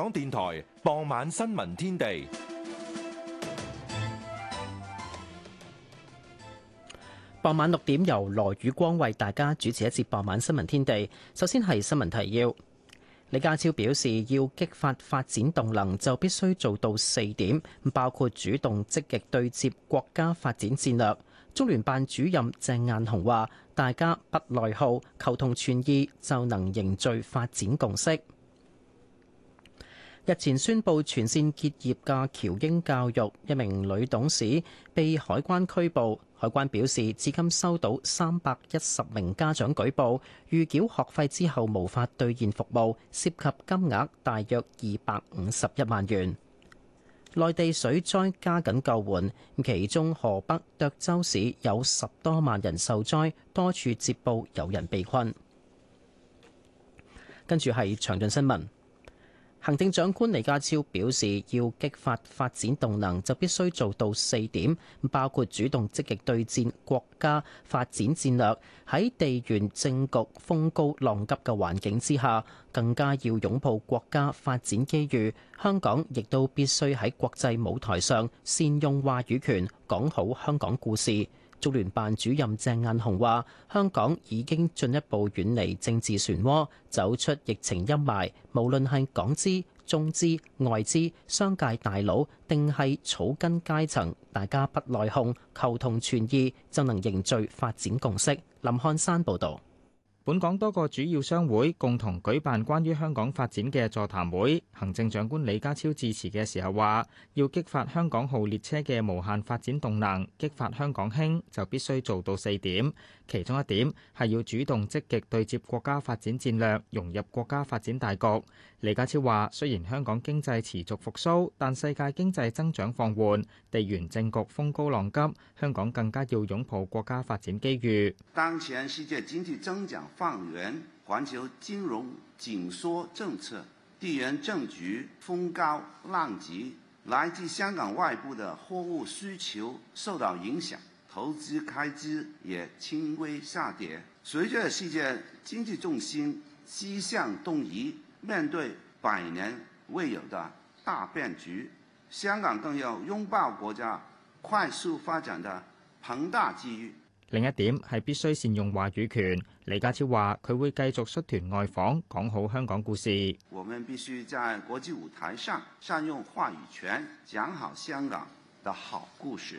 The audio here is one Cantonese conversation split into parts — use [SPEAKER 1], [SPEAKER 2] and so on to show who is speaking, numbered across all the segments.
[SPEAKER 1] 港電台傍晚新聞天地，
[SPEAKER 2] 傍晚六點由羅宇光為大家主持一節傍晚新聞天地。首先係新聞提要。李家超表示，要激發發展動能，就必須做到四點，包括主動積極對接國家發展戰略。中聯辦主任鄭雁雄話，大家不內耗，求同存異，就能凝聚發展共識。日前宣布全綫結業嘅喬英教育一名女董事被海關拘捕。海關表示，至今收到三百一十名家長舉報，預繳學費之後無法兌現服務，涉及金額大約二百五十一萬元。內地水災加緊救援，其中河北涿州市有十多萬人受災，多處接報有人被困。跟住係詳盡新聞。行政長官李家超表示，要激發發展動能，就必須做到四點，包括主動積極對戰國家發展戰略。喺地緣政局風高浪急嘅環境之下，更加要擁抱國家發展機遇。香港亦都必須喺國際舞台上善用話語權，講好香港故事。中聯辦主任鄭雁雄話：香港已經進一步遠離政治漩渦，走出疫情陰霾。無論係港資、中資、外資、商界大佬，定係草根階層，大家不內訌、求同存異，就能凝聚發展共識。林漢山報導。
[SPEAKER 3] 本港多個主要商會共同舉辦關於香港發展嘅座談會，行政長官李家超致辭嘅時候話：要激發香港號列車嘅無限發展動能，激發香港興，就必須做到四點。其中一點係要主動積極對接國家發展戰略，融入國家發展大局。李家超話：雖然香港經濟持續復甦，但世界經濟增長放緩，地緣政局風高浪急，香港更加要擁抱國家發展機遇。
[SPEAKER 1] 當前世界經濟增長放緩，環球金融緊縮政策、地緣政局風高浪急，來自香港外部的貨物需求受到影響。投資開支也輕微下跌，隨着世界經濟重心西向東移，面對百年未有的大變局，香港更要擁抱國家快速發展的龐大機遇。
[SPEAKER 3] 另一點係必須善用話語權，李家超話佢會繼續率團外訪，講好香港故事。
[SPEAKER 1] 我們必須在國際舞台上善用話語權，講好香港的好故事。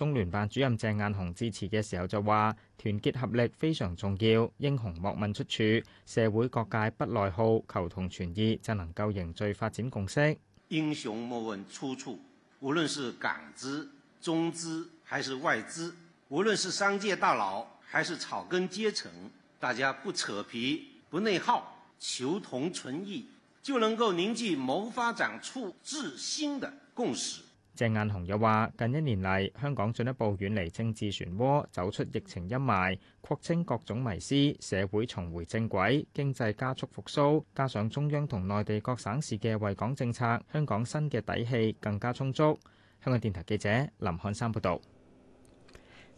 [SPEAKER 3] 中聯辦主任鄭雁雄致辭嘅時候就話：團結合力非常重要，英雄莫問出處，社會各界不內耗，求同存異就能夠凝聚發展共識。
[SPEAKER 4] 英雄莫問出處，無論是港資、中資還是外資，無論是商界大佬還是草根階層，大家不扯皮、不內耗、求同存異，就能夠凝聚謀發展、促致新的
[SPEAKER 3] 共識。鄭雁雄又話：近一年嚟，香港進一步遠離政治漩渦，走出疫情陰霾，廓清各種迷思，社會重回正軌，經濟加速復甦，加上中央同內地各省市嘅惠港政策，香港新嘅底氣更加充足。香港
[SPEAKER 2] 電台記者林漢山報導。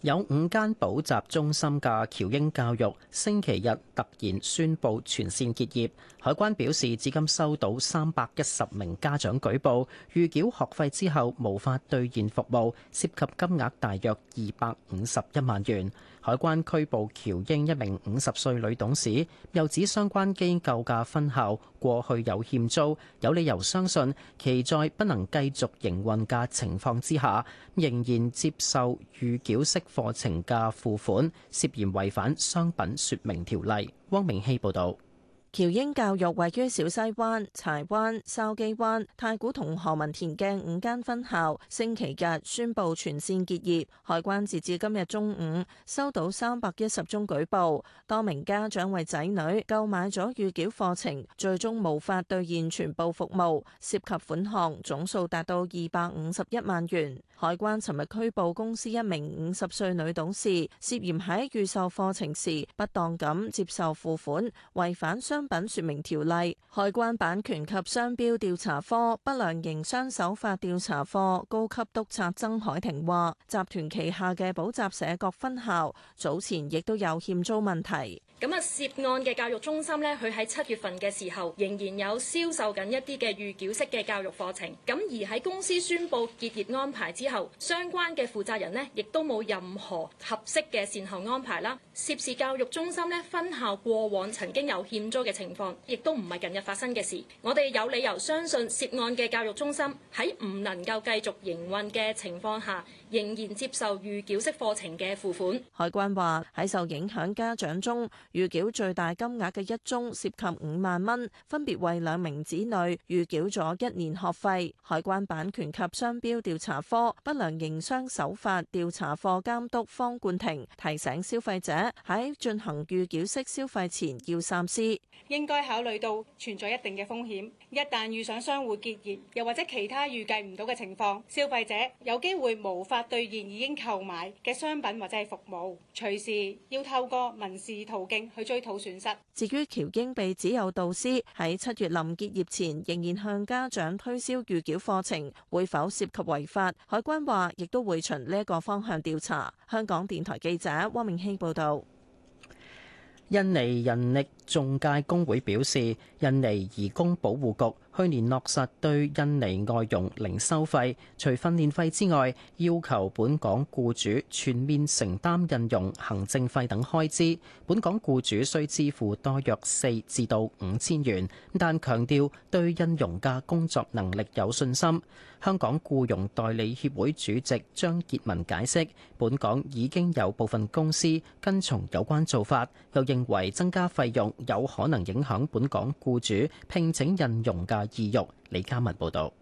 [SPEAKER 2] 有五間補習中心嘅喬英教育星期日突然宣布全線結業。海關表示，至今收到三百一十名家長舉報，預繳學費之後無法兌現服務，涉及金額大約二百五十一萬元。海關拘捕喬英一名五十歲女董事，又指相關機構嘅分校過去有欠租，有理由相信其在不能繼續營運嘅情況之下，仍然接受預繳式課程嘅付款，涉嫌違反商品說明條例。汪明希報導。
[SPEAKER 5] 僑英教育位於小西灣、柴灣、筲箕灣、太古同何文田嘅五間分校，星期日宣佈全線結業。海關截至今日中午，收到三百一十宗舉報，多名家長為仔女購買咗預繳課程，最終無法兌現全部服務，涉及款項總數達到二百五十一萬元。海關尋日拘捕公司一名五十歲女董事，涉嫌喺預售課程時不當咁接受付款，違反商商品說明條例。海關版權及商標調查科不良營商手法調查科高級督察曾海婷話：集團旗下嘅補習社各分校早前亦都有欠租問題。
[SPEAKER 6] 咁啊、嗯，涉案嘅教育中心咧，佢喺七月份嘅時候仍然有銷售緊一啲嘅預繳式嘅教育課程。咁、嗯、而喺公司宣布結業安排之後，相關嘅負責人咧，亦都冇任何合適嘅善後安排啦。涉事教育中心咧，分校過往曾經有欠租嘅情況，亦都唔係近日發生嘅事。我哋有理由相信，涉案嘅教育中心喺唔能夠繼續營運嘅情況下，仍然接受預繳式課程嘅付款。
[SPEAKER 5] 海關話喺受影響家長中，預繳最大金額嘅一宗涉及五萬蚊，分別為兩名子女預繳咗一年學費。海關版權及商標調查科不良營商手法調查課監督方冠廷提醒消費者喺進行預繳式消費前要三思，
[SPEAKER 2] 應該考慮到存在一定
[SPEAKER 7] 嘅風險。一旦遇上商戶結業，又或者其他預計唔到嘅情況，消費者有機會無法兌現已經購買嘅商品或者係服務，隨時要透過民事途徑。去追討損失。
[SPEAKER 5] 至於喬經被指有導師喺七月臨結業前仍然向家長推銷預繳課程，會否涉及違法？海關話，亦都會循呢一個方向調查。香港電台記者汪明興報導。
[SPEAKER 2] 印尼人力仲介工會表示，印尼移工保護局，去年落實對印尼外傭零收費，除訓練費之外，要求本港雇主全面承擔印傭行政費等開支。本港雇主需支付多約四至到五千元，但強調對印傭嘅工作能力有信心。香港僱傭代理協會主席張傑文解釋，本港已經有部分公司跟從有關做法，又認為增加費用有可能影響本港雇主聘請印傭嘅。異玉李嘉文報道，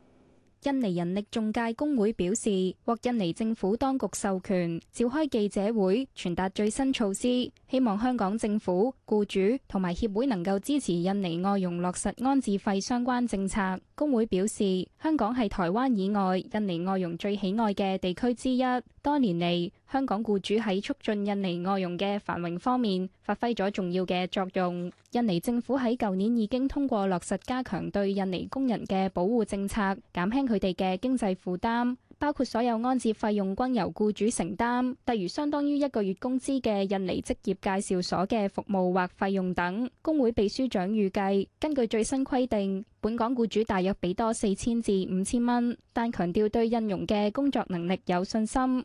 [SPEAKER 6] 印尼人力中介工會表示，獲印尼政府當局授權召開記者會，傳達最新措施，希望香港政府、雇主同埋協會能夠支持印尼外傭落實安置費相關政策。工會表示，香港係台灣以外印尼外傭最喜愛嘅地區之一。多年嚟，香港僱主喺促進印尼外傭嘅繁榮方面發揮咗重要嘅作用。印尼政府喺舊年已經通過落實加強對印尼工人嘅保護政策，減輕佢哋嘅經濟負擔。包括所有安置費用均由僱主承擔，例如相當於一個月工資嘅印尼職業介紹所嘅服務或費用等。工會秘書長預計，根據最新規定，本港僱主大約俾多四千至五千蚊，但強調對印傭嘅工作能力有信心。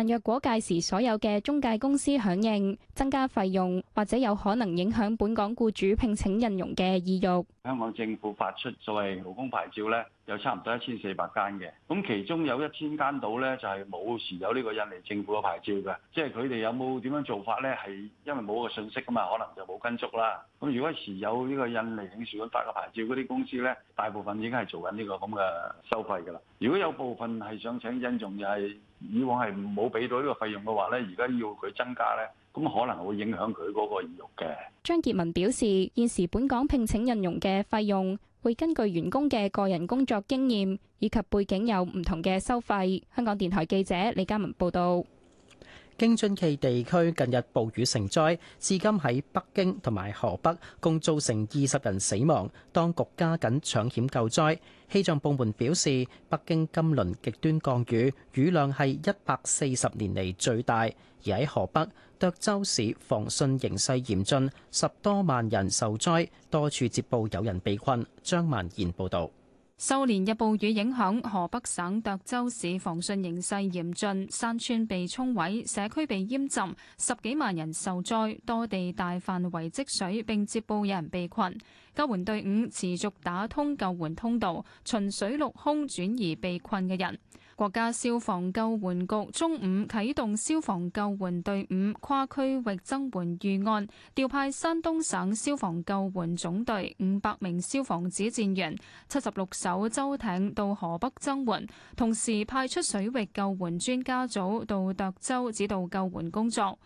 [SPEAKER 6] 但若果屆時所有嘅中介公司響應增加費用，或者有可能影響本港僱主聘請印傭嘅意
[SPEAKER 8] 欲。香港政府發出所謂勞工牌照咧，有差唔多一千四百間嘅，咁其中有一千間到咧就係冇持有呢個印尼政府嘅牌照嘅，即係佢哋有冇點樣做法咧？係因為冇個信息噶嘛，可能就冇跟足啦。咁如果持有呢個印尼領事館發嘅牌照嗰啲公司咧，大部分已經係做緊呢個咁嘅收費噶啦。如果有部分係想請印傭，又係。以往係冇俾到呢個費用嘅話呢，而家要佢增加
[SPEAKER 1] 呢，咁可能會影響佢嗰個業績嘅。
[SPEAKER 6] 張傑文表示，現時本港聘請人用嘅費用會根據員工嘅個人工作經驗以及背景有唔同嘅收費。香港電台記者李嘉文報道。
[SPEAKER 2] 京津冀地區近日暴雨成災，至今喺北京同埋河北共造成二十人死亡，當局加緊搶險救災。氣象部門表示，北京今輪極端降雨雨量係一百四十年嚟最大，而喺河北，涿州市防汛形勢嚴峻，十多萬人受災，多處接報有人被困。張萬賢報道。
[SPEAKER 7] 受連日暴雨影響，河北省涿州市防汛形勢嚴峻，山村被沖毀，社區被淹浸，十幾萬人受災，多地大範圍積水，並接報有人被困。救援隊伍持續打通救援通道，循水陸空轉移被困嘅人。國家消防救援局中午啟動消防救援隊伍跨區域增援預案，調派山東省消防救援總隊五百名消防指戰員、七十六艘舟艇到河北增援，同時派出水域救援專家組到涿州指導救援工作。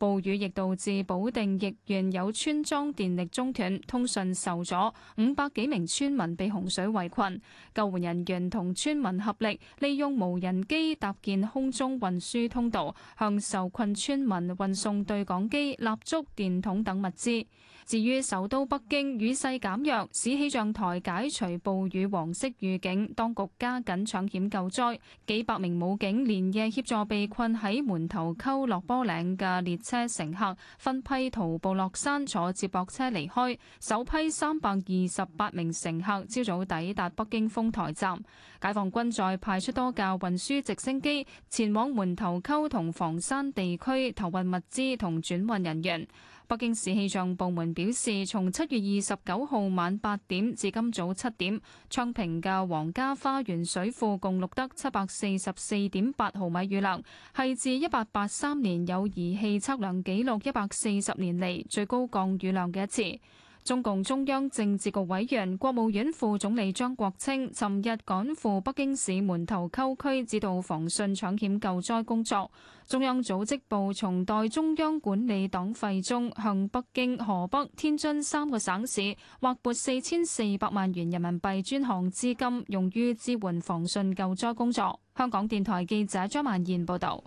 [SPEAKER 7] 暴雨亦導致保定易縣有村莊電力中斷、通訊受阻，五百幾名村民被洪水圍困。救援人員同村民合力，利用無人機搭建空中運輸通道，向受困村民運送對講機、蠟燭、電筒等物資。至於首都北京雨勢減弱，市氣象台解除暴雨黃色預警，當局加緊搶險救災，幾百名武警連夜協助被困喺門頭溝落坡嶺嘅列車乘客分批徒步落山，坐接駁車離開。首批三百二十八名乘客朝早抵達北京豐台站。解放軍再派出多架運輸直升機前往門頭溝同房山地區投運物資同轉運人員。北京市氣象部門表示，從七月二十九號晚八點至今早七點，昌平嘅王家花園水庫共錄得七百四十四點八毫米雨量，係自一八八三年有儀器測量記錄一百四十年嚟最高降雨量嘅一次。中共中央政治局委員、國務院副總理張國清尋日趕赴北京市門頭溝區指導防汛搶險救災工作。中央組織部從代中央管理黨費中向北京、河北、天津三個省市劃撥四千四百萬元人民幣專項資金，用於支援防汛救災工作。香港電台記者張萬燕報道。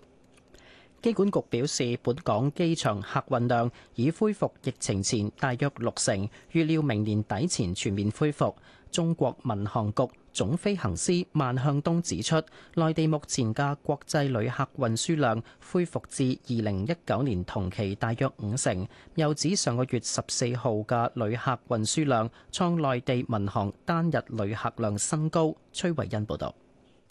[SPEAKER 2] 機管局表示，本港機場客運量已恢復疫情前大約六成，預料明年底前全面恢復。中國民航局總飛行師萬向東指出，內地目前嘅國際旅客運輸量恢復至二零一九年同期大約五成。又指上個月十四號嘅旅客運輸量創內地民航單日旅客量新高。崔慧恩報導。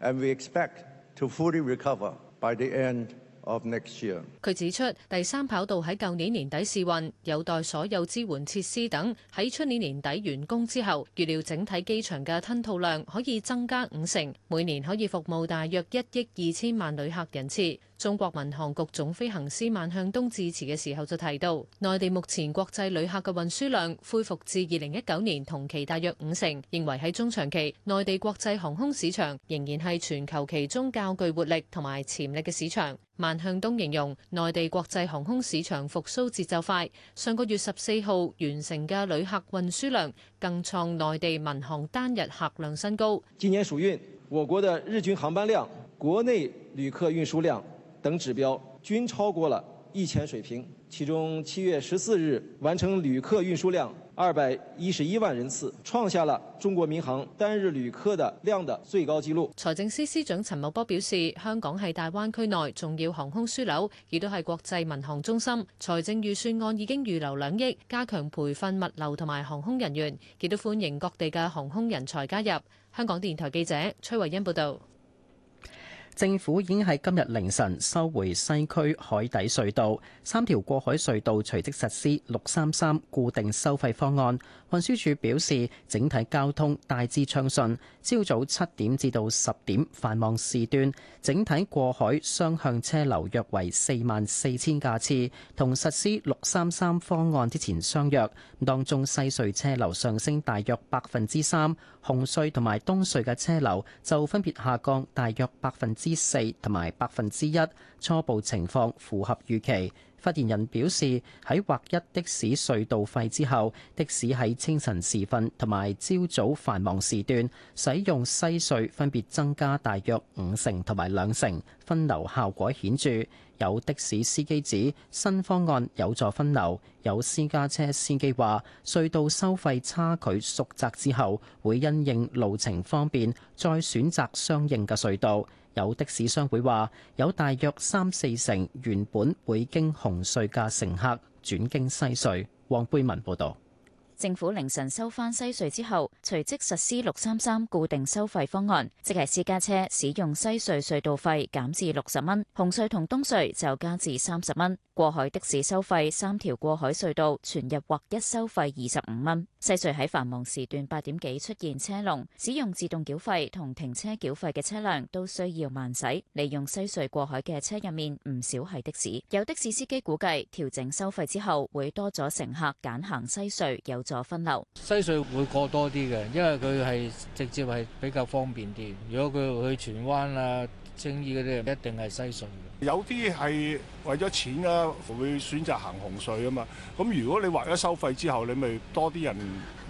[SPEAKER 1] And we expect to fully recover by the end of next year.
[SPEAKER 9] 佢指出，第三跑道喺舊年年底試運，有待所有支援設施等喺出年年底完工之後，預料整體機場嘅吞吐量可以增加五成，每年可以服務大約一億二千萬旅客人次。中國民航局總飛行師萬向東致辭嘅時候就提到，內地目前國際旅客嘅運輸量恢復至二零一九年同期大約五成。認為喺中長期，內地國際航空市場仍然係全球其中較具活力同埋潛力嘅市場。萬向東形容內地國際航空市場復甦節奏快，上個月十四號完成嘅旅客運輸量更創內地民航單日客量新高。
[SPEAKER 10] 今年暑運，我國的日均航班量、國內旅客運輸量等指標均超過了疫前水平，其中七月十四日完成旅客運輸量二百一十一萬人次，創下了中國民航單日旅客的量的最高紀錄。
[SPEAKER 9] 財政司司長陳茂波表示，香港係大灣區內重要航空樞紐，亦都係國際民航中心。財政預算案已經預留兩億，加強培訓物流同埋航空人員，亦都歡迎各地嘅航空人才加入。香港電台記者崔慧欣報道。
[SPEAKER 2] 政府已經喺今日凌晨收回西區海底隧道三條過海隧道，隨即實施六三三固定收費方案。運輸署表示，整體交通大致暢順。朝早七點至到十點繁忙時段，整體過海雙向車流約為四萬四千架次，同實施六三三方案之前相約，當中西隧車流上升大約百分之三，紅隧同埋東隧嘅車流就分別下降大約百分之。之四同埋百分之一，初步情況符合預期。發言人表示，喺劃一的士隧道費之後，的士喺清晨時分同埋朝早繁忙時段使用西隧，分別增加大約五成同埋兩成，分流效果顯著。有的士司機指新方案有助分流，有私家車司機話隧道收費差距縮窄之後，會因應路程方便再選擇相應嘅隧道。有的士商會話，有大約三四成原本會經紅隧嘅乘客轉經西隧。黃貝文報道，
[SPEAKER 11] 政府凌晨收翻西隧之後，隨即實施六三三固定收費方案，即係私家車使用西隧隧道費減至六十蚊，紅隧同東隧就加至三十蚊。過海的士收費三條過海隧道全日劃一收費二十五蚊。西隧喺繁忙時段八點幾出現車龍，使用自動繳費同停車繳費嘅車輛都需要慢駛。利用西隧過海嘅車入面唔少係的士，有的士司機估計調整收費之後會多咗乘客揀行西隧，有助分流。西隧會過多啲
[SPEAKER 4] 嘅，因為佢係直接係比較方便啲。如果佢去荃灣啊。
[SPEAKER 3] 正義嗰啲人一定係西隧
[SPEAKER 12] 嘅，有啲係為咗錢啦、啊，會選擇行紅隧啊嘛。咁如果你劃咗收費之後，你咪多啲人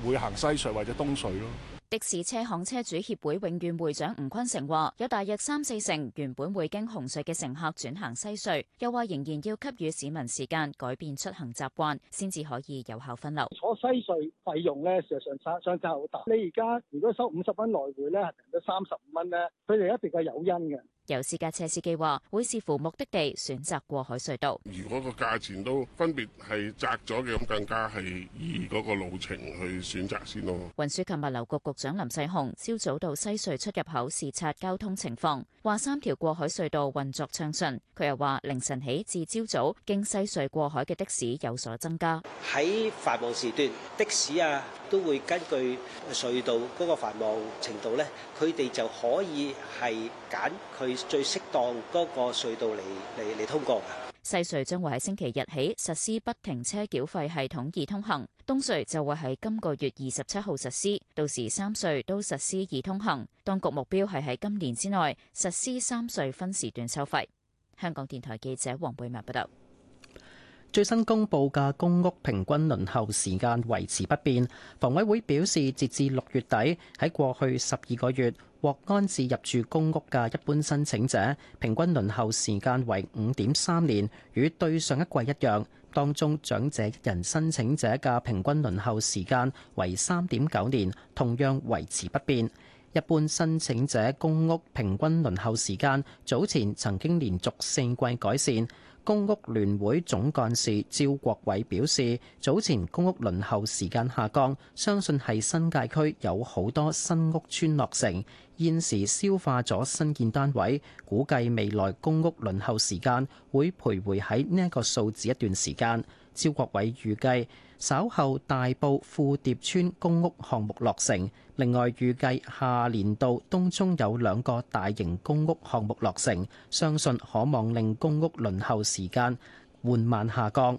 [SPEAKER 12] 會行西隧或者東隧咯。
[SPEAKER 11] 的士車行車主協會永遠會長吳坤成話：有大約三四成原本會經紅隧嘅乘客轉行西隧，又話仍然要給予市民時間改變出行習慣，先至可以有效分流。坐
[SPEAKER 4] 西隧費用咧，事實上相差好大。你而家如果收五十蚊來回咧，係平咗三十五蚊咧，佢哋一定係有因嘅。
[SPEAKER 11] 有私家車司機話：會視乎目的地，選擇過海隧道。
[SPEAKER 1] 如果個價錢都分別係窄咗嘅，咁更加係以嗰個路程去選擇先咯。
[SPEAKER 11] 運輸及物流局局長林世雄朝早到西隧出入口視察交通情況，話三條過海隧道運作暢順。佢又話凌晨起至朝早經西隧過海嘅的士有所增加。
[SPEAKER 4] 喺繁忙時段，的士啊都會根據隧道嗰個繁忙程度呢，佢哋就可以係揀佢。最適當嗰個隧道嚟嚟通過嘅。
[SPEAKER 11] 西隧將會喺星期日起實施不停車繳費系統易通行，東隧就會喺今個月二十七號實施，到時三隧都實施易通行。當局目標係喺今年之內實施三隧分時段收費。香港電台記者黃貝文報道。
[SPEAKER 2] 最新公布嘅公屋平均輪候時間維持不變。房委會表示，截至六月底，喺過去十二個月獲安置入住公屋嘅一般申請者，平均輪候時間為五點三年，與對上一季一樣。當中長者一人申請者嘅平均輪候時間為三點九年，同樣維持不變。一般申請者公屋平均輪候時間早前曾經連續四季改善。公屋聯會總幹事趙國偉表示，早前公屋輪候時間下降，相信係新界區有好多新屋村落成，現時消化咗新建單位，估計未來公屋輪候時間會徘徊喺呢一個數字一段時間。招國偉預計稍後大埔富蝶村公屋項目落成，另外預計下年度東涌有兩個大型公屋項目落成，相信可望令公屋輪候時間緩慢下降。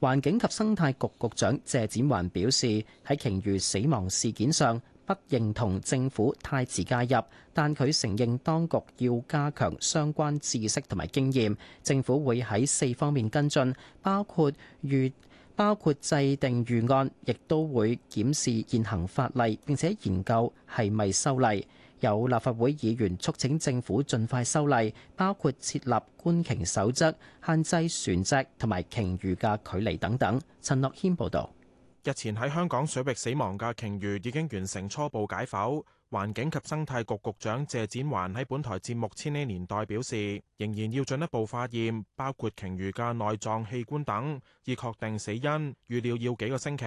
[SPEAKER 2] 環境及生態局局長謝展寰表示，喺鯨魚死亡事件上，不認同政府太遲介入，但佢承認當局要加強相關知識同埋經驗。政府會喺四方面跟進，包括預包括制定預案，亦都會檢視現行法例，並且研究係咪修例。有立法會議員促請政府盡快修例，包括設立觀鯨守則，限制船隻同埋鯨魚嘅距離等等。陳樂謙報導。
[SPEAKER 13] 日前喺香港水域死亡嘅鯨魚已經完成初步解剖，環境及生態局局長謝展環喺本台節目《千禧年代》表示，仍然要進一步化驗，包括鯨魚嘅內臟器官等，以確定死因，預料要幾個星期。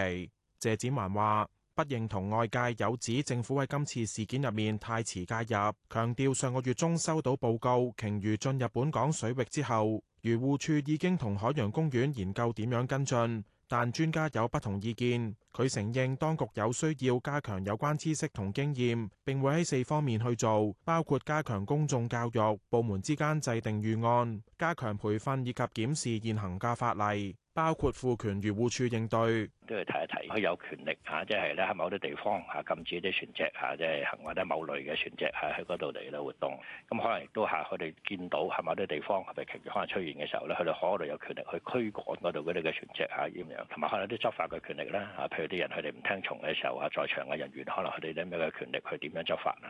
[SPEAKER 13] 謝展環話：不認同外界有指政府喺今次事件入面太遲介入，強調上個月中收到報告，鯨魚進入本港水域之後，漁護處已經同海洋公園研究點樣跟進。但專家有不同意見，佢承認當局有需要加強有關知識同經驗，並會喺四方面去做，包括加強公眾教育、部門之間制定預案、加強培訓以及檢視現行嘅法例。包括賦權漁護署應對
[SPEAKER 4] 都要睇一睇，佢有權力嚇，即係咧喺某啲地方嚇禁止一啲船隻嚇，即係行或者某類嘅船隻嚇喺嗰度嚟咧活動。咁可能亦都嚇，佢哋見到喺某啲地方係咪其可能出現嘅時候咧，佢哋可能有權力去驅趕嗰度嗰啲嘅船隻嚇，咁樣。同埋可能啲執法嘅權力啦。嚇，譬如啲人佢哋唔聽從嘅時候啊，在場嘅人員可能佢哋有咩嘅權力去點樣執法啊？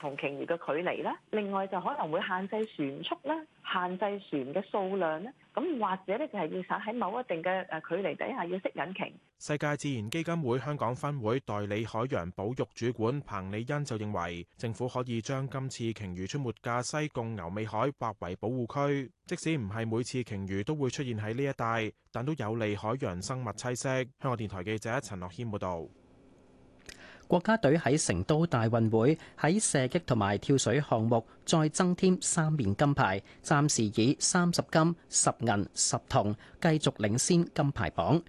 [SPEAKER 5] 同鯨魚嘅距離啦，另外就可能會限制船速啦，限制船嘅數量啦，咁或者咧就係要駛喺某一定嘅誒距離底下要識引擎。
[SPEAKER 13] 世界自然基金會香港分會代理海洋保育主管彭理欣就認為，政府可以將今次鯨魚出沒嘅西貢牛尾海劃為保護區，即使唔係每次鯨魚都會出現喺呢一帶，但都有利海洋生物棲息。香港電台記者陳樂軒報道。
[SPEAKER 2] 國家隊喺成都大運會喺射擊同埋跳水項目再增添三面金牌，暫時以三十金、十銀、十銅繼續領先金牌榜。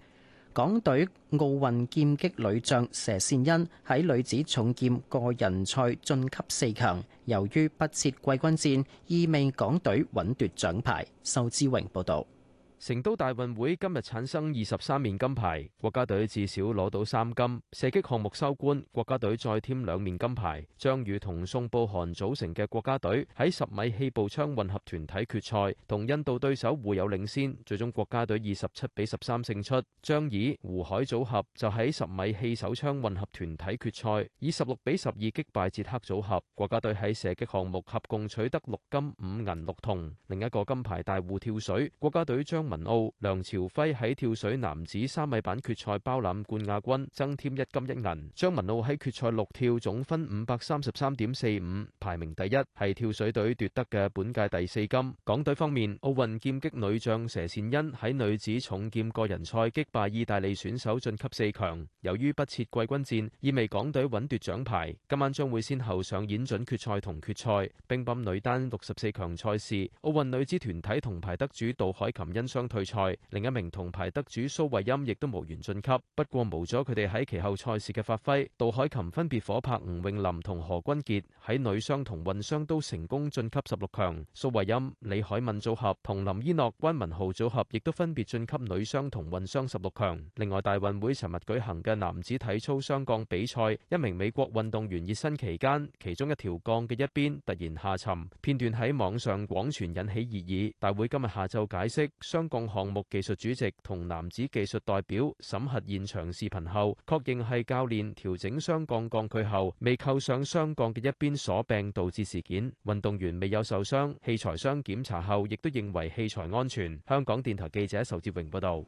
[SPEAKER 2] 港隊奧運劍擊女將佘善欣喺女子重劍個人賽晉級四強，由於不設季軍戰，意味港隊穩奪獎牌。仇之榮報道。成都大運會今日產生二十三面金牌，
[SPEAKER 10] 國家隊至少攞到三金。射擊項目收官，國家隊再添兩面金牌。張雨同宋布韓組成嘅國家隊喺十米氣步槍混合團體決賽同印度對手互有領先，最終國家隊二十七比十三勝出。張以胡海組合就喺十米氣手槍混合團體決賽以十六比十二擊敗捷克組合，國家隊喺射擊項目合共取得六金五銀六銅。另一個金牌大戶跳水，國家隊將文奧梁朝輝喺跳水男子三米板決賽包攬冠亞軍，增添一金一銀。張文奧喺決賽六跳總分五百三十三點四五，排名第一，係跳水隊奪得嘅本屆第四金。港隊方面，奧運劍擊女將佘繕妡喺女子重劍個人賽擊敗意大利選手晉級四強，由於不設季軍戰，意味港隊穩奪獎牌。今晚將會先後上演準決賽同決賽，乒乓女單六十四強賽事，奧運女子團體銅牌得主杜凱琹因退賽，另一名銅牌得主蘇慧音亦都無緣晉級。不過冇咗佢哋喺其後賽事嘅發揮，杜海琴分別伙拍吳詠琳同何君杰喺女雙同混雙都成功晉級十六強。蘇慧音、李海敏組合同林依諾、溫文浩組合亦都分別晉級女雙同混雙十六強。另外，大運會尋日舉行嘅男子體操雙槓比賽，一名美國運動員熱身期間，其中一條槓嘅一邊突然下沉，片段喺網上廣傳引起熱議。大會今日下晝解釋雙。共項目技術主席同男子技術代表審核現場視頻後，確認係教練調整雙槓槓距後未扣上雙槓嘅一邊鎖柄導致事件，運動員未有受傷，器材商檢查後亦都認為器材安全。香港電台記者仇志榮報道。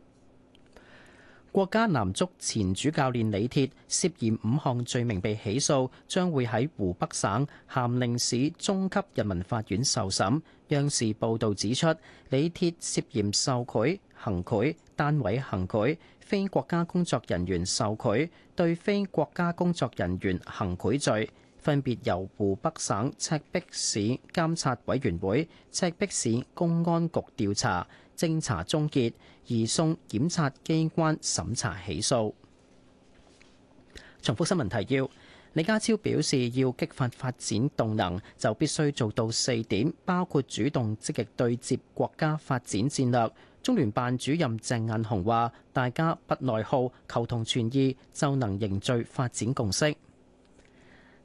[SPEAKER 2] 國家男足前主教練李鐵涉嫌五項罪名被起訴，將會喺湖北省咸寧市中級人民法院受審。央視報道指出，李鐵涉嫌受賄、行賄、單位行賄、非國家工作人員受賄、對非國家工作人員行賄罪，分別由湖北省赤壁市監察委員會、赤壁市公安局調查。偵查終結，移送檢察機關審查起訴。重複新聞提要：李家超表示，要激發發展動能，就必須做到四點，包括主動積極對接國家發展戰略。中聯辦主任鄭雁雄話：大家不內耗、求同存異，就能凝聚發展共識。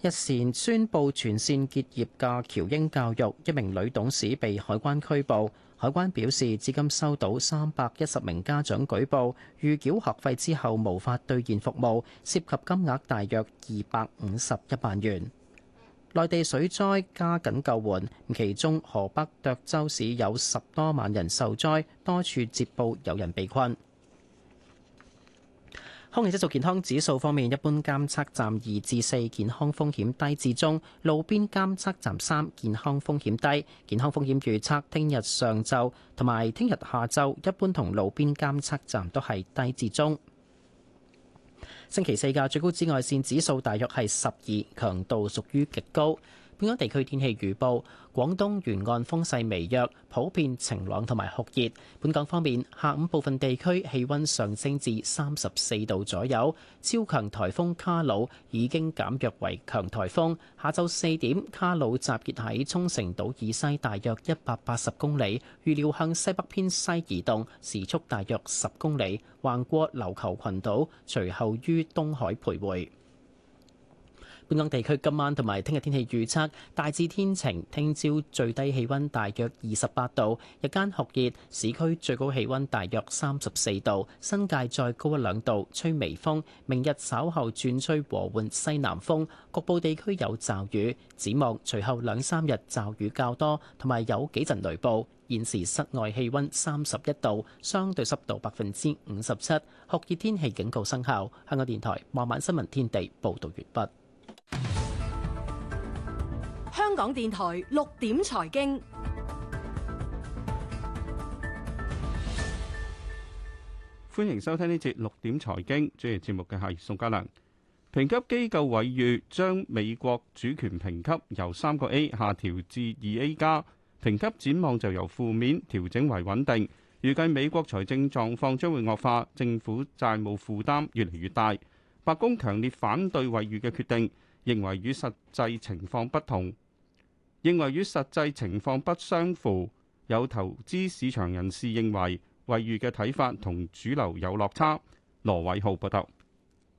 [SPEAKER 2] 日前宣佈全線結業嘅喬英教育，一名女董事被海關拘捕。海關表示，至今收到三百一十名家長舉報，預繳學費之後無法兌現服務，涉及金額大約二百五十一萬元。內地水災加緊救援，其中河北涿州市有十多萬人受災，多處接報有人被困。空氣質素健康指數方面，一般監測站二至四，健康風險低至中；路邊監測站三，健康風險低。健康風險預測，聽日上晝同埋聽日下晝，一般同路邊監測站都係低至中。星期四嘅最高紫外線指數大約係十二，強度屬於極高。本港地區天氣預報，廣東沿岸風勢微弱，普遍晴朗同埋酷熱。本港方面，下午部分地區氣温上升至三十四度左右。超強颱風卡努已經減弱為強颱風。下晝四點，卡努集結喺沖繩島以西大約一百八十公里，預料向西北偏西移動，時速大約十公里，橫過琉球群島，隨後於東海徘徊。本港地區今晚同埋聽日天氣預測大致天晴，聽朝最低氣温大約二十八度，日間酷熱，市區最高氣温大約三十四度，新界再高一兩度，吹微風。明日稍後轉吹和緩西南風，局部地區有驟雨，展望隨後兩三日驟雨較多，同埋有幾陣雷暴。現時室外氣温三十一度，相對濕度百分之五十七，酷熱天氣警告生效。香港電台傍晚新聞天地報導完畢。
[SPEAKER 9] 香港電台六點財經，
[SPEAKER 8] 歡迎收聽呢節六點財經，主持節目嘅係宋嘉良。評級機構惠譽將美國主權評級由三個 A 下調至二 A 加，評級展望就由負面調整為穩定。預計美國財政狀況將會惡化，政府債務負擔越嚟越大。白宮強烈反對惠譽嘅決定。認為與實際情況不同，認為與實際情況不相符。有投資市場人士認為，惠譽嘅睇法同主流有落差。羅偉浩報道。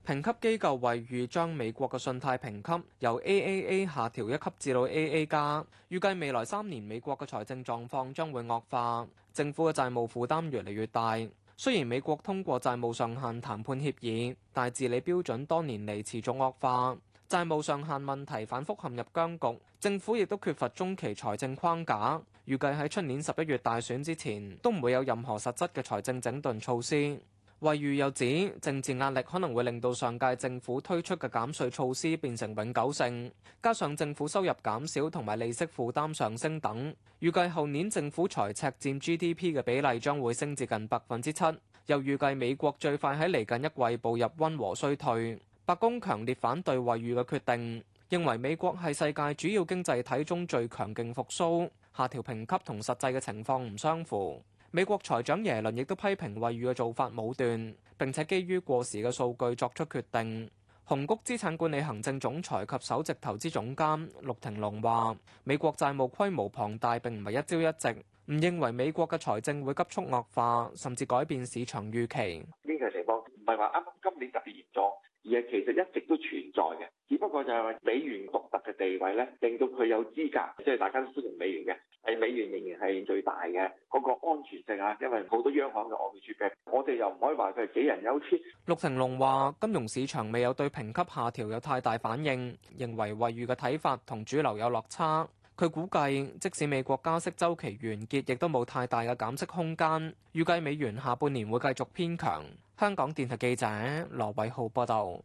[SPEAKER 12] 評級機構惠譽將美國嘅信貸評級由 AAA 下調一級至到 AA 加，預計未來三年美國嘅財政狀況將會惡化，政府嘅債務負擔越嚟越大。雖然美國通過債務上限談判協議，但治理標準多年嚟持續惡化。債務上限問題反覆陷入僵局，政府亦都缺乏中期財政框架。預計喺出年十一月大選之前，都唔會有任何實質嘅財政整頓措施。惠譽又指政治壓力可能會令到上屆政府推出嘅減稅措施變成永久性，加上政府收入減少同埋利息負擔上升等，預計後年政府財赤佔 GDP 嘅比例將會升至近百分之七。又預計美國最快喺嚟緊一季步入溫和衰退。白宮強烈反對惠譽嘅決定，認為美國係世界主要經濟體中最強勁復甦，下調評級同實際嘅情況唔相符。美國財長耶倫亦都批評惠譽嘅做法武斷，並且基於過時嘅數據作出決定。紅谷資產管理行政總裁及首席投資總監陸庭龍話，美國債務規模龐大，並唔係一朝一夕，唔認為美國嘅財政會急速惡化，甚至改變市場預期。
[SPEAKER 4] 呢個情況，唔係話啱啱今年特別嚴重。而其實一直都存在嘅，只不過就係話美元獨特嘅地位咧，令到佢有資格即係大家都歡迎美元嘅，係美元仍然係最大嘅嗰個安全性啊，因為好多央行嘅外匯儲備，我哋又唔可以話佢係杞人憂天。
[SPEAKER 12] 陸成龍話：金融市場未有對評級下調有太大反應，認為惠譽嘅睇法同主流有落差。佢估計，即使美國加息週期完結，亦都冇太大嘅減息空間，預計美元下半年會繼續偏強。香港電台記者羅偉浩報道，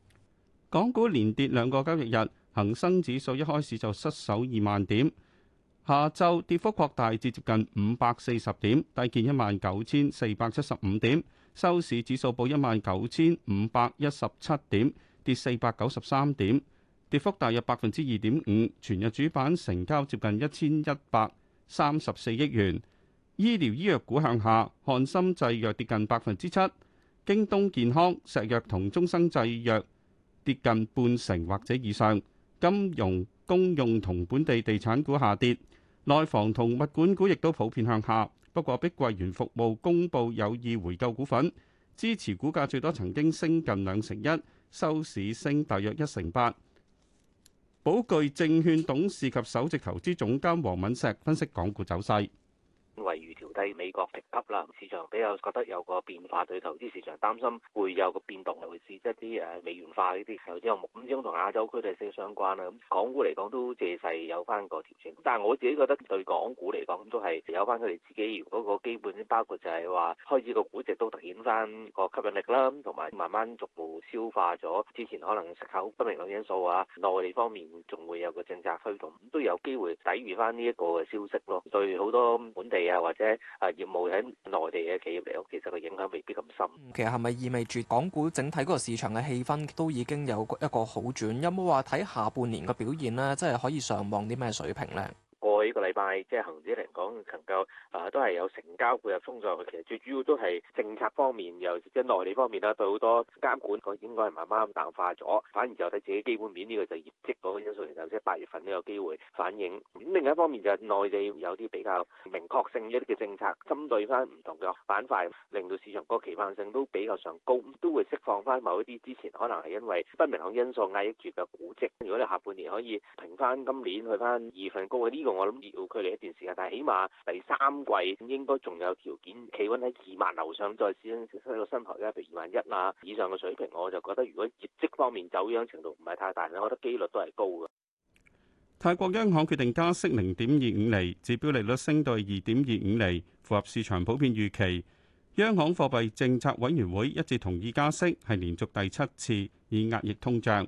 [SPEAKER 8] 港股連跌兩個交易日，日，恒生指數一開始就失守二萬點，下晝跌幅擴大至接近五百四十點，低見一萬九千四百七十五點，收市指數報一萬九千五百一十七點，跌四百九十三點，跌幅大約百分之二點五。全日主板成交接近一千一百三十四億元，醫療醫藥股向下，翰森製藥跌近百分之七。京東健康、石藥同中生製藥跌近半成或者以上，金融公用同本地地產股下跌，內房同物管股亦都普遍向下。不過碧桂園服務公布有意回購股份，支持股價最多曾經升近兩成一，收市升大約一成八。寶具證券董事及首席投資總監黃敏石分析港股走勢。
[SPEAKER 4] 美國評級啦，市場比較覺得有個變化，對投資市場擔心會有個變動，尤其是一啲誒美元化呢啲，有啲咁始終同亞洲區都係息息相關啦。咁港股嚟講都借勢有翻個調整，但係我自己覺得對港股嚟講都係有翻佢哋自己嗰個基本，包括就係話開始個估值都突顯翻個吸引力啦，同埋慢慢逐步消化咗之前可能食口不明朗因素啊，內地方面仲會有個政策推動，都有機會抵禦翻呢一個嘅消息咯。對好多本地啊或者～啊！業務喺內地嘅企業嚟，其實個影響未必咁深。
[SPEAKER 12] 其實係咪意味住港股整體嗰個市場嘅氣氛都已經有一個好轉？有冇話睇下半年嘅表現咧？即係可以上望啲咩水平咧？
[SPEAKER 4] 呢個禮拜即係恒指嚟講，能夠啊都係有成交配合封上去。其實最主要都係政策方面，又即係內地方面啦，對好多監管，佢應該係慢慢淡化咗。反而就睇自己基本面呢、這個就業績嗰個因素然後，八月份呢有機會反映。咁另外一方面就係內地有啲比較明確性一啲嘅政策，針對翻唔同嘅板塊，令到市場個期盼性都比較上高，都會釋放翻某一啲之前可能係因為不明朗因素壓抑住嘅估值。如果你下半年可以平翻今年去翻二份高，嘅、這、呢個我諗。要距離一段時間，但係起碼第三季應該仲有條件企穩喺二萬樓上，再試升上一個新台階，譬如二萬一啊以上嘅水平，我就覺得如果業績方面走樣程度唔係太大咧，我覺得幾率都係高嘅。
[SPEAKER 8] 泰國央行決定加息零點二五釐，指標利率升到二點二五釐，符合市場普遍預期。央行貨幣政策委員會一致同意加息，係連續第七次以壓抑通脹。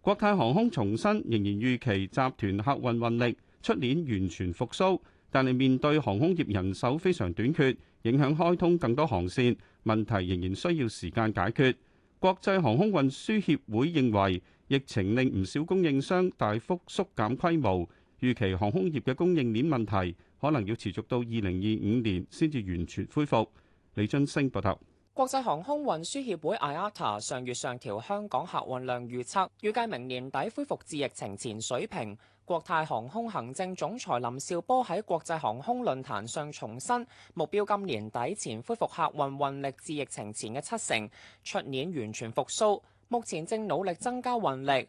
[SPEAKER 8] 國泰航空重申仍然預期集團客運運力。出年完全復甦，但係面對航空業人手非常短缺，影響開通更多航線，問題仍然需要時間解決。國際航空運輸協會認為，疫情令唔少供應商大幅縮減規模，預期航空業嘅供應鏈問題可能要持續到二零二五年先至完全恢復。李津升報道，
[SPEAKER 14] 國際航空運輸協會 IATA 上月上調香港客運量預測，預計明年底恢復至疫情前水平。國泰航空行政總裁林紹波喺國際航空論壇上重申，目標今年底前恢復客運運力至疫情前嘅七成，出年完全復甦。目前正努力增加運力。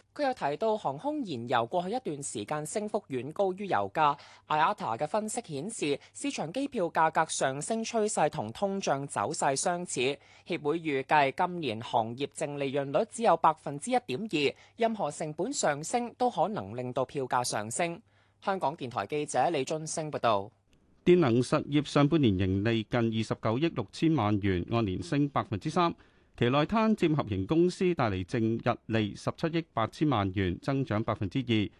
[SPEAKER 14] 佢又提到，航空燃油過去一段時間升幅遠高於油價，IATA 嘅分析顯示，市場機票價格上升趨勢同通脹走勢相似。協會預計今年行業淨利潤率只有百分之一點二，任何成本上升都可能令到票價上升。香港電台記者李津升報道。
[SPEAKER 8] 電能實業上半年盈利近二十九億六千萬元，按年升百分之三。期內攤佔合營公司帶嚟淨日利十七億八千萬元，增長百分之二。集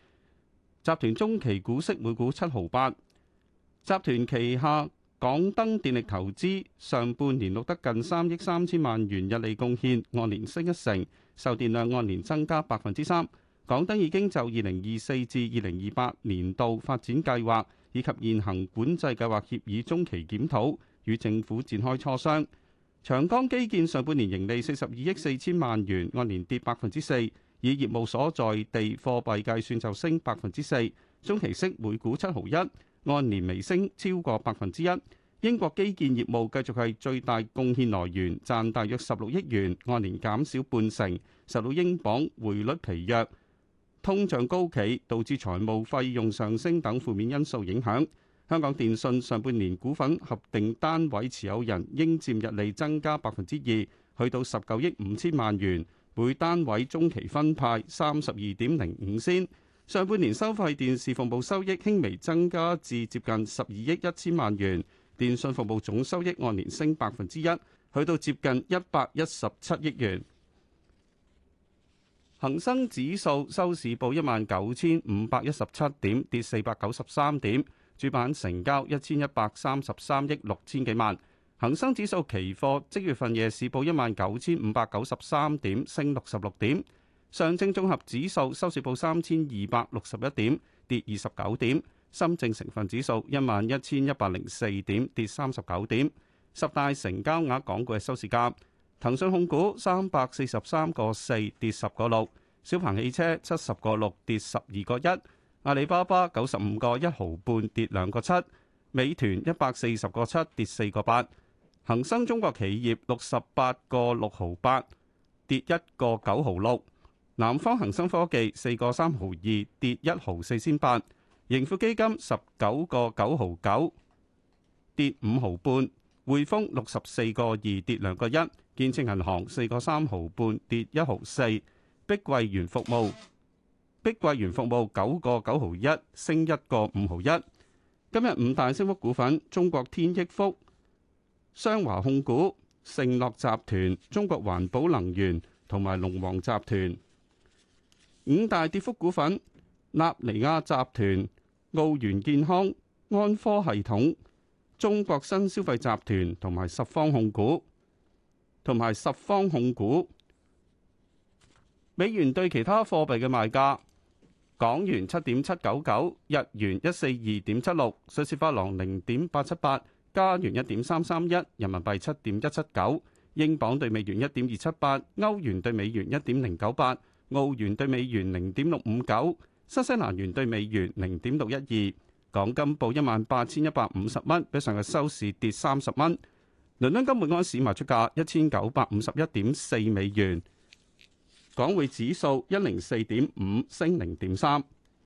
[SPEAKER 8] 團中期股息每股七毫八。集團旗下港燈電力投資上半年錄得近三億三千萬元日利貢獻，按年升一成，售電量按年增加百分之三。港燈已經就二零二四至二零二八年度發展計劃以及現行管制計劃協議中期檢討，與政府展開磋商。長江基建上半年盈利四十二億四千萬元，按年跌百分之四，以業務所在地貨幣計算就升百分之四，中期息每股七毫一，按年微升超過百分之一。英國基建業務繼續係最大貢獻來源，賺大約十六億元，按年減少半成，受到英鎊匯率疲弱、通脹高企，導致財務費用上升等負面因素影響。香港電訊上半年股份合訂單位持有人應佔溢利增加百分之二，去到十九億五千萬元，每單位中期分派三十二點零五仙。上半年收費電視服務收益輕微增加至接近十二億一千萬元，電訊服務總收益按年升百分之一，去到接近一百一十七億元。恒生指數收市報一萬九千五百一十七點，跌四百九十三點。主板成交一千一百三十三億六千幾萬，恒生指數期貨即月份夜市報一萬九千五百九十三點，升六十六點。上證綜合指數收市報三千二百六十一點，跌二十九點。深證成分指數一萬一千一百零四點，跌三十九點。十大成交額港股嘅收市價，騰訊控股三百四十三個四，跌十個六；小鵬汽車七十個六，跌十二個一。阿里巴巴九十五個一毫半跌兩個七，美團一百四十個七跌四個八，恒生中國企業六十八個六毫八跌一個九毫六，南方恒生科技四個三毫二跌一毫四仙八，盈富基金十九個九毫九跌五毫半，匯豐六十四個二跌兩個一，建設銀行四個三毫半跌一毫四，碧桂園服務。碧桂園服務九個九毫一，升一個五毫一。今日五大升幅股份：中國天益福、雙華控股、盛樂集團、中國環保能源同埋龍王集團。五大跌幅股份：納尼亞集團、澳元健康、安科系統、中國新消費集團同埋十方控股。同埋十方控股。美元對其他貨幣嘅賣價。港元七點七九九，日元一四二點七六，瑞士法郎零點八七八，加元一點三三一，人民幣七點一七九，英鎊對美元一點二七八，歐元對美元一點零九八，澳元對美元零點六五九，新西蘭元對美元零點六一二。港金報一萬八千一百五十蚊，比上日收市跌三十蚊。倫敦金每安市賣出價一千九百五十一點四美元。港匯指數一零四點五升零點三。